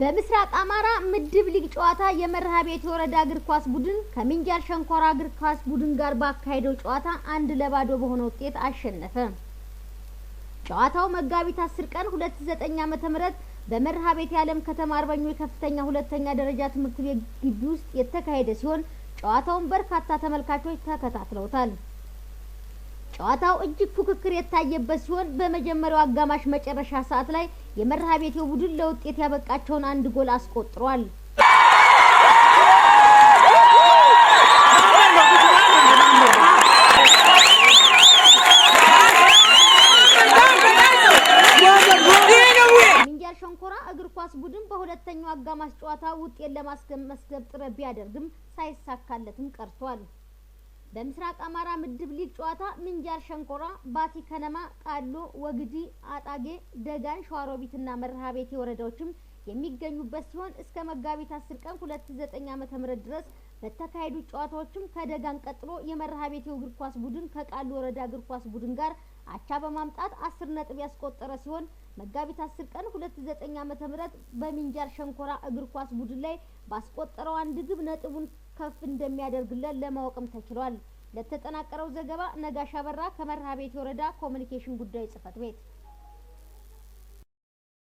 በምስራቅ አማራ ምድብ ሊግ ጨዋታ የመርሃ ቤት ወረዳ እግር ኳስ ቡድን ከሚንጃል ሸንኮራ እግር ኳስ ቡድን ጋር ባካሄደው ጨዋታ አንድ ለባዶ በሆነ ውጤት አሸነፈ። ጨዋታው መጋቢት 10 ቀን 2009 ዓ.ም በመርሃ ቤት የዓለም ከተማ አርበኞች ከፍተኛ ሁለተኛ ደረጃ ትምህርት ቤት ግቢ ውስጥ የተካሄደ ሲሆን ጨዋታውን በርካታ ተመልካቾች ተከታትለውታል። ጨዋታው እጅግ ፉክክር የታየበት ሲሆን በመጀመሪያው አጋማሽ መጨረሻ ሰዓት ላይ የመርሃ ቤቴው ቡድን ለውጤት ያበቃቸውን አንድ ጎል አስቆጥሯል። ሸንኮራ እግር ኳስ ቡድን በሁለተኛው አጋማሽ ጨዋታ ውጤት ለማስመዝገብ ጥረት ቢያደርግም ሳይሳካለትም ቀርቷል። በምስራቅ አማራ ምድብ ሊግ ጨዋታ ምንጃር ሸንኮራ፣ ባቲ ከነማ፣ ቃሎ፣ ወግዲ፣ አጣጌ፣ ደጋን፣ ሸዋሮቢትና መርሃቤቴ ወረዳዎችም የሚገኙበት ሲሆን እስከ መጋቢት 10 ቀን 2009 ምህረት ድረስ በተካሄዱ ጨዋታዎችም ከደጋን ቀጥሎ የመርሃ ቤቴው እግር ኳስ ቡድን ከቃሉ ወረዳ እግር ኳስ ቡድን ጋር አቻ በማምጣት 10 ነጥብ ያስቆጠረ ሲሆን መጋቢት 10 ቀን 2009 ዓመተ ምህረት በሚንጃር ሸንኮራ እግር ኳስ ቡድን ላይ ባስቆጠረው አንድ ግብ ነጥቡን ከፍ እንደሚያደርግለት ለማወቅም ተችሏል። ለተጠናቀረው ዘገባ ነጋሽ አበራ ከመርሃ ቤት ወረዳ ኮሚኒኬሽን ጉዳይ ጽህፈት ቤት